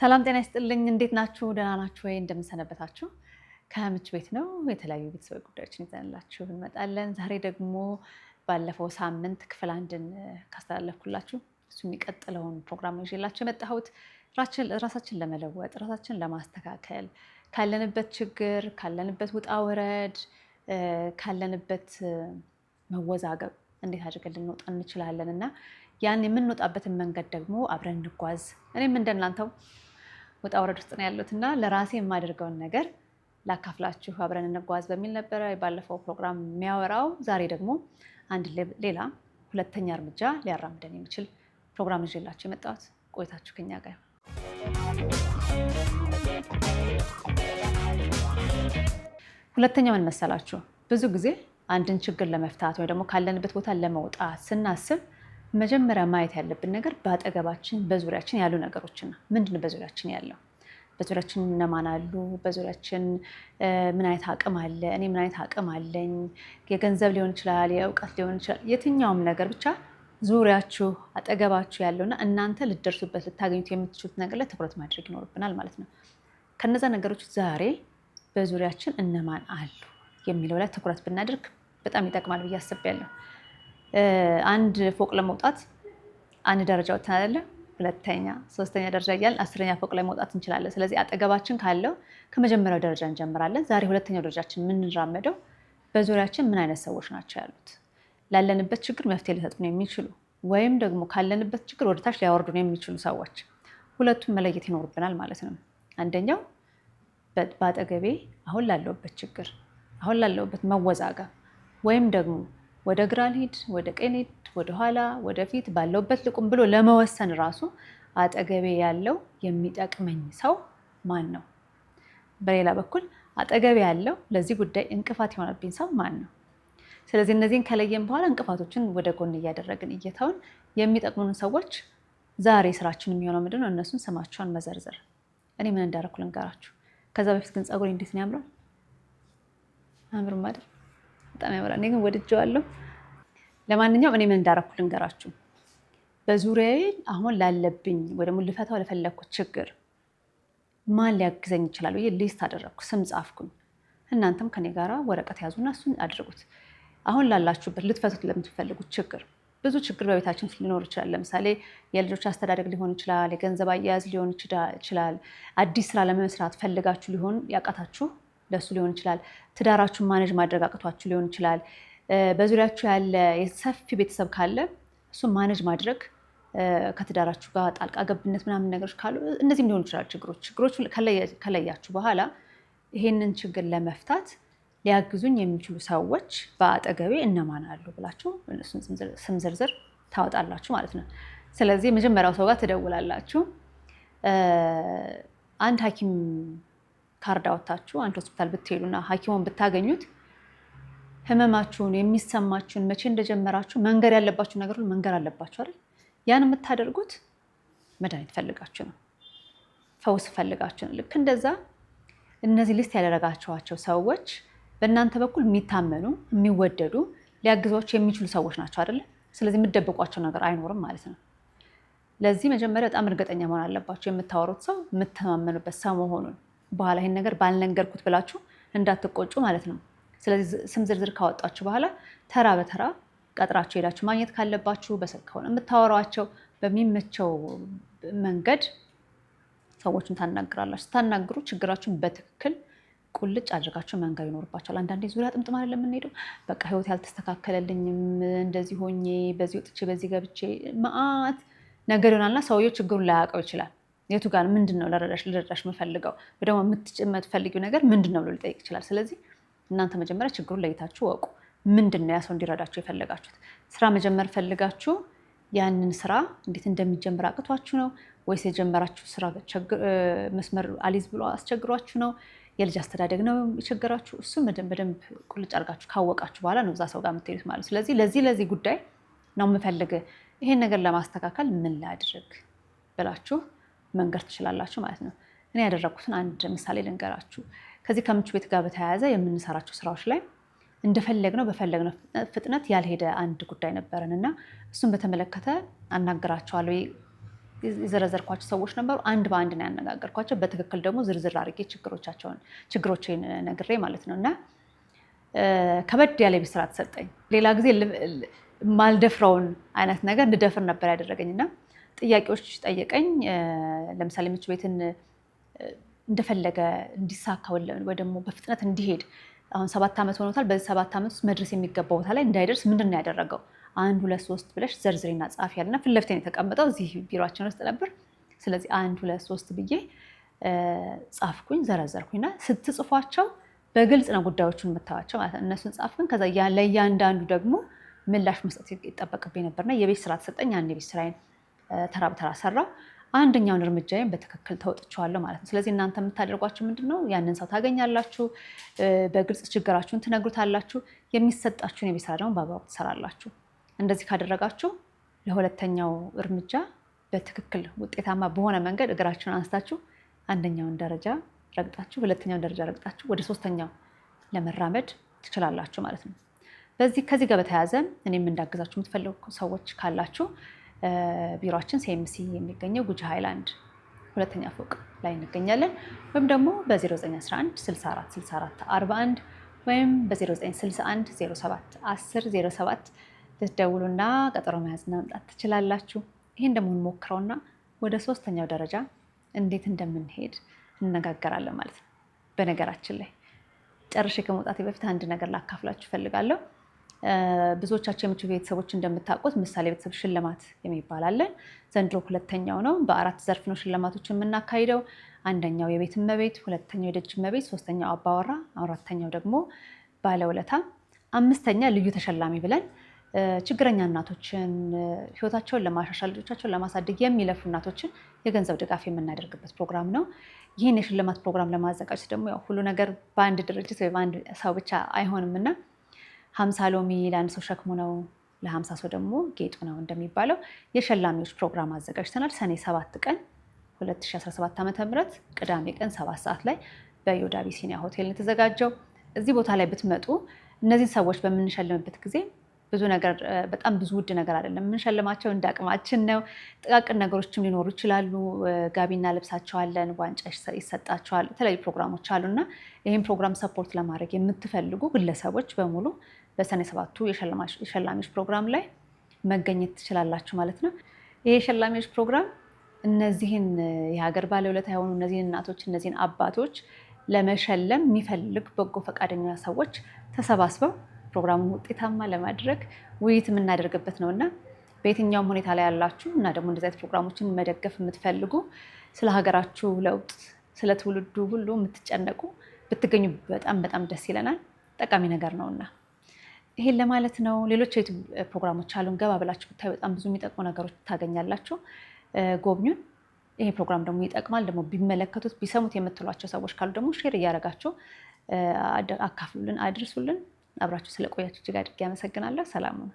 ሰላም ጤና ይስጥልኝ። እንዴት ናችሁ? ደህና ናችሁ ወይ? እንደምንሰነበታችሁ ከምች ቤት ነው። የተለያዩ ቤተሰብ ጉዳዮችን ይዘንላችሁ እንመጣለን። ዛሬ ደግሞ ባለፈው ሳምንት ክፍል አንድን ካስተላለፍኩላችሁ እሱ የሚቀጥለውን ፕሮግራም ይዤላችሁ የመጣሁት ራሳችን ለመለወጥ ራሳችን ለማስተካከል ካለንበት ችግር ካለንበት ውጣ ውረድ ካለንበት መወዛገብ እንዴት አድርገን ልንወጣ እንችላለን እና ያን የምንወጣበትን መንገድ ደግሞ አብረን እንጓዝ እኔም እንደናንተው ውጣ ውረድ ውስጥ ነው ያሉት እና ለራሴ የማደርገውን ነገር ላካፍላችሁ አብረን እንጓዝ በሚል ነበረ ባለፈው ፕሮግራም የሚያወራው። ዛሬ ደግሞ አንድ ሌላ ሁለተኛ እርምጃ ሊያራምደን የሚችል ፕሮግራም ይዤላችሁ የመጣሁት። ቆይታችሁ ከኛ ጋር ሁለተኛ ምን መሰላችሁ? ብዙ ጊዜ አንድን ችግር ለመፍታት ወይ ደግሞ ካለንበት ቦታ ለመውጣት ስናስብ መጀመሪያ ማየት ያለብን ነገር በአጠገባችን በዙሪያችን ያሉ ነገሮችን ነው። ምንድን ነው በዙሪያችን ያለው? በዙሪያችን እነማን አሉ? በዙሪያችን ምን አይነት አቅም አለ? እኔ ምን አይነት አቅም አለኝ? የገንዘብ ሊሆን ይችላል፣ የእውቀት ሊሆን ይችላል። የትኛውም ነገር ብቻ ዙሪያችሁ አጠገባችሁ ያለውና እናንተ ልደርሱበት ልታገኙት የምትችሉት ነገር ላይ ትኩረት ማድረግ ይኖርብናል ማለት ነው። ከነዛ ነገሮች ዛሬ በዙሪያችን እነማን አሉ የሚለው ላይ ትኩረት ብናደርግ በጣም ይጠቅማል ብዬ አስቤያለሁ። አንድ ፎቅ ለመውጣት አንድ ደረጃ ወጥተን አይደለ ሁለተኛ፣ ሶስተኛ ደረጃ እያልን አስረኛ ፎቅ ላይ መውጣት እንችላለን። ስለዚህ አጠገባችን ካለው ከመጀመሪያው ደረጃ እንጀምራለን። ዛሬ ሁለተኛው ደረጃችን የምንራመደው በዙሪያችን ምን አይነት ሰዎች ናቸው ያሉት፣ ላለንበት ችግር መፍትሄ ሊሰጡን የሚችሉ ወይም ደግሞ ካለንበት ችግር ወደታች ሊያወርዱን የሚችሉ ሰዎች፣ ሁለቱም መለየት ይኖርብናል ማለት ነው። አንደኛው በአጠገቤ አሁን ላለውበት ችግር አሁን ላለውበት መወዛገብ ወይም ደግሞ ወደ ግራ ልሂድ፣ ወደ ቀኝ ልሂድ፣ ወደኋላ፣ ወደፊት ባለውበት ልቁም ብሎ ለመወሰን ራሱ አጠገቤ ያለው የሚጠቅመኝ ሰው ማን ነው? በሌላ በኩል አጠገቤ ያለው ለዚህ ጉዳይ እንቅፋት የሆነብኝ ሰው ማን ነው? ስለዚህ እነዚህን ከለየን በኋላ እንቅፋቶችን ወደ ጎን እያደረግን እየተውን የሚጠቅሙን ሰዎች ዛሬ ስራችን የሚሆነው ምንድን ነው? እነሱን ስማቸውን መዘርዘር። እኔ ምን እንዳደረኩ ልንገራችሁ። ከዛ በፊት ግን ፀጉሬ እንዴት ነው ያምረው? አምርም አይደል? በጣም ያምራል። እኔ ግን ወድጀዋለሁ። ለማንኛውም እኔ ምን እንዳረኩ ልንገራችሁ። በዙሪያዬ አሁን ላለብኝ ወይ ደግሞ ልፈታው ለፈለግኩት ችግር ማን ሊያግዘኝ ይችላል ብዬ ሊስት አደረግኩ፣ ስም ጻፍኩኝ። እናንተም ከኔ ጋር ወረቀት ያዙና እሱን አድርጉት። አሁን ላላችሁበት ልትፈቱት ለምትፈልጉት ችግር ብዙ ችግር በቤታችን ሊኖር ይችላል። ለምሳሌ የልጆች አስተዳደግ ሊሆን ይችላል፣ የገንዘብ አያያዝ ሊሆን ይችላል፣ አዲስ ስራ ለመስራት ፈልጋችሁ ሊሆን ያቃታችሁ ለሱ ሊሆን ይችላል። ትዳራችሁን ማኔጅ ማድረግ አቅቷችሁ ሊሆን ይችላል። በዙሪያችሁ ያለ ሰፊ ቤተሰብ ካለ እሱን ማኔጅ ማድረግ ከትዳራችሁ ጋር ጣልቃ ገብነት ምናምን ነገሮች ካሉ እነዚህም ሊሆን ይችላል። ችግሮች ችግሮች ከለያችሁ በኋላ ይሄንን ችግር ለመፍታት ሊያግዙኝ የሚችሉ ሰዎች በአጠገቤ እነማን አሉ ብላችሁ እነሱን ስም ዝርዝር ታወጣላችሁ ማለት ነው። ስለዚህ የመጀመሪያው ሰው ጋር ትደውላላችሁ። አንድ ሐኪም ካርድ አወጣችሁ አንድ ሆስፒታል ብትሄዱና ሐኪሙን ብታገኙት ህመማችሁን የሚሰማችሁን መቼ እንደጀመራችሁ መንገር ያለባችሁ ነገር ሁሉ መንገር አለባችሁ አይደል? ያን የምታደርጉት መድኃኒት ፈልጋችሁ ነው፣ ፈውስ ፈልጋችሁ ነው። ልክ እንደዛ እነዚህ ሊስት ያደረጋችኋቸው ሰዎች በእናንተ በኩል የሚታመኑ የሚወደዱ ሊያግዟቸው የሚችሉ ሰዎች ናቸው አይደለ? ስለዚህ የምደብቋቸው ነገር አይኖርም ማለት ነው። ለዚህ መጀመሪያ በጣም እርግጠኛ መሆን አለባቸው የምታወሩት ሰው የምተማመኑበት ሰው መሆኑን በኋላ ይህን ነገር ባልነገርኩት ብላችሁ እንዳትቆጩ ማለት ነው። ስለዚህ ስም ዝርዝር ካወጣችሁ በኋላ ተራ በተራ ቀጥራችሁ ሄዳችሁ ማግኘት ካለባችሁ በስልክ ከሆነ የምታወሯቸው በሚመቸው መንገድ ሰዎችን ታናግራላችሁ። ስታናግሩ ችግራችሁን በትክክል ቁልጭ አድርጋችሁ መንገር ይኖርባቸዋል። አንዳንዴ ዙሪያ ጥምጥም አይደለም የምንሄደው። በቃ ህይወት ያልተስተካከለልኝም እንደዚህ ሆኜ በዚህ ወጥቼ በዚህ ገብቼ መዓት ነገር ይሆናልና ሰውየው ችግሩን ላያውቀው ይችላል። የቱ ጋር ምንድን ነው ለረዳሽ ልረዳሽ የምፈልገው ደግሞ የምትፈልጊው ነገር ምንድን ነው ብሎ ሊጠይቅ ይችላል። ስለዚህ እናንተ መጀመሪያ ችግሩን ለይታችሁ ወቁ። ምንድን ነው ያ ሰው እንዲረዳችሁ የፈለጋችሁት? ስራ መጀመር ፈልጋችሁ ያንን ስራ እንዴት እንደሚጀምር አቅቷችሁ ነው ወይስ የጀመራችሁ ስራ መስመር አሊዝ ብሎ አስቸግሯችሁ ነው? የልጅ አስተዳደግ ነው የቸገራችሁ? እሱ በደንብ ቁልጭ አድርጋችሁ ካወቃችሁ በኋላ ነው እዛ ሰው ጋር የምትሄዱት ማለት ነው። ስለዚህ ለዚህ ለዚህ ጉዳይ ነው የምፈልግ ይሄን ነገር ለማስተካከል ምን ላድርግ ብላችሁ መንገድ ትችላላችሁ ማለት ነው። እኔ ያደረግኩትን አንድ ምሳሌ ልንገራችሁ። ከዚህ ከምቹ ቤት ጋር በተያያዘ የምንሰራቸው ስራዎች ላይ እንደፈለግነው በፈለግነው ፍጥነት ያልሄደ አንድ ጉዳይ ነበረን እና እሱን በተመለከተ አናገራቸዋለሁ። የዘረዘርኳቸው ሰዎች ነበሩ። አንድ በአንድ ነው ያነጋገርኳቸው። በትክክል ደግሞ ዝርዝር አድርጌ ችግሮቻቸውን ችግሮችን ነግሬ ማለት ነው እና ከበድ ያለ ቤት ስራ ተሰጠኝ። ሌላ ጊዜ ማልደፍረውን አይነት ነገር እንድደፍር ነበር ያደረገኝ እና ጥያቄዎች ጠየቀኝ። ለምሳሌ ምች ቤትን እንደፈለገ እንዲሳካ ወይ ደግሞ በፍጥነት እንዲሄድ አሁን ሰባት ዓመት ሆኖታል። በዚህ ሰባት ዓመት ውስጥ መድረስ የሚገባ ቦታ ላይ እንዳይደርስ ምንድን ነው ያደረገው? አንድ ሁለት ሶስት ብለሽ ዘርዝሬና ጻፊ ያለና ፊት የተቀመጠው እዚህ ቢሮችን ውስጥ ነበር። ስለዚህ አንድ ሁለት ሶስት ብዬ ጻፍኩኝ፣ ዘረዘርኩኝና ስትጽፏቸው በግልጽ ነው ጉዳዮቹን የምታዋቸው ማለት ነው። እነሱን ጻፍኩኝ። ከዛ ለእያንዳንዱ ደግሞ ምላሽ መስጠት ይጠበቅብኝ ነበርና የቤት ስራ ተሰጠኝ። አንድ የቤት ስራዬን ተራ በተራ ሰራው። አንደኛውን እርምጃዬን በትክክል ተወጥቼዋለሁ ማለት ነው። ስለዚህ እናንተ የምታደርጓቸው ምንድን ነው? ያንን ሰው ታገኛላችሁ፣ በግልጽ ችግራችሁን ትነግሩታላችሁ፣ የሚሰጣችሁን የቤት ስራ ደግሞ በአግባቡ ትሰራላችሁ። እንደዚህ ካደረጋችሁ ለሁለተኛው እርምጃ በትክክል ውጤታማ በሆነ መንገድ እግራችሁን አንስታችሁ አንደኛውን ደረጃ ረግጣችሁ ሁለተኛውን ደረጃ ረግጣችሁ ወደ ሶስተኛው ለመራመድ ትችላላችሁ ማለት ነው። በዚህ ከዚህ ጋር በተያያዘ እኔም እንዳግዛችሁ የምትፈልጉ ሰዎች ካላችሁ ቢሮችን ሴምሲ የሚገኘው ጉጂ ሃይላንድ ሁለተኛ ፎቅ ላይ እንገኛለን። ወይም ደግሞ በ0911 64 64 41 ወይም በ0961 07 10 07 ልትደውሉና ቀጠሮ መያዝና መምጣት ትችላላችሁ። ይህን ደግሞ እንሞክረውና ወደ ሶስተኛው ደረጃ እንዴት እንደምንሄድ እነጋገራለን ማለት ነው። በነገራችን ላይ ጨርሼ ከመውጣቴ በፊት አንድ ነገር ላካፍላችሁ እፈልጋለሁ። ብዙዎቻቸው የምቹ ቤተሰቦች እንደምታውቁት ምሳሌ ቤተሰብ ሽልማት የሚባል አለን። ዘንድሮ ሁለተኛው ነው። በአራት ዘርፍ ነው ሽልማቶች የምናካሂደው። አንደኛው የቤት እመቤት፣ ሁለተኛው የደጅ እመቤት፣ ሶስተኛው አባወራ፣ አራተኛው ደግሞ ባለውለታ፣ አምስተኛ ልዩ ተሸላሚ ብለን ችግረኛ እናቶችን ህይወታቸውን ለማሻሻል ልጆቻቸውን ለማሳደግ የሚለፉ እናቶችን የገንዘብ ድጋፍ የምናደርግበት ፕሮግራም ነው። ይህን የሽልማት ፕሮግራም ለማዘጋጀት ደግሞ ሁሉ ነገር በአንድ ድርጅት ወይ በአንድ ሰው ብቻ አይሆንም እና ሀምሳ ሎሚ ለአንድ ሰው ሸክሙ ነው፣ ለሀምሳ ሰው ደግሞ ጌጡ ነው እንደሚባለው የሸላሚዎች ፕሮግራም አዘጋጅተናል። ሰኔ ሰባት ቀን 2017 ዓ ም ቅዳሜ ቀን ሰባት ሰዓት ላይ በዮዳ አቢሲኒያ ሆቴል ነው የተዘጋጀው። እዚህ ቦታ ላይ ብትመጡ እነዚህን ሰዎች በምንሸልምበት ጊዜ ብዙ ነገር በጣም ብዙ ውድ ነገር አይደለም የምንሸልማቸው፣ እንደ አቅማችን ነው። ጥቃቅን ነገሮችም ሊኖሩ ይችላሉ። ጋቢና ልብሳቸዋለን፣ ዋንጫ ይሰጣቸዋል። የተለያዩ ፕሮግራሞች አሉና ይህን ፕሮግራም ሰፖርት ለማድረግ የምትፈልጉ ግለሰቦች በሙሉ በሰኔ ሰባቱ የሸላሚዎች ፕሮግራም ላይ መገኘት ትችላላችሁ ማለት ነው። ይህ የሸላሚዎች ፕሮግራም እነዚህን የሀገር ባለውለታ የሆኑ እነዚህን እናቶች፣ እነዚህን አባቶች ለመሸለም የሚፈልግ በጎ ፈቃደኛ ሰዎች ተሰባስበው ፕሮግራሙን ውጤታማ ለማድረግ ውይይት የምናደርግበት ነው እና በየትኛውም ሁኔታ ላይ ያላችሁ እና ደግሞ እንደዚህ አይነት ፕሮግራሞችን መደገፍ የምትፈልጉ ስለ ሀገራችሁ ለውጥ፣ ስለ ትውልዱ ሁሉ የምትጨነቁ ብትገኙ በጣም በጣም ደስ ይለናል። ጠቃሚ ነገር ነውና ይሄን ለማለት ነው። ሌሎች የዩቲዩብ ፕሮግራሞች አሉን። ገባ ብላችሁ ብታዩ በጣም ብዙ የሚጠቅሙ ነገሮች ታገኛላችሁ። ጎብኙን። ይሄ ፕሮግራም ደግሞ ይጠቅማል፣ ደግሞ ቢመለከቱት ቢሰሙት የምትሏቸው ሰዎች ካሉ ደግሞ ሼር እያደረጋችሁ አካፍሉልን፣ አድርሱልን። አብራችሁ ስለቆያችሁ እጅግ አድርጌ አመሰግናለሁ። ሰላም ነው።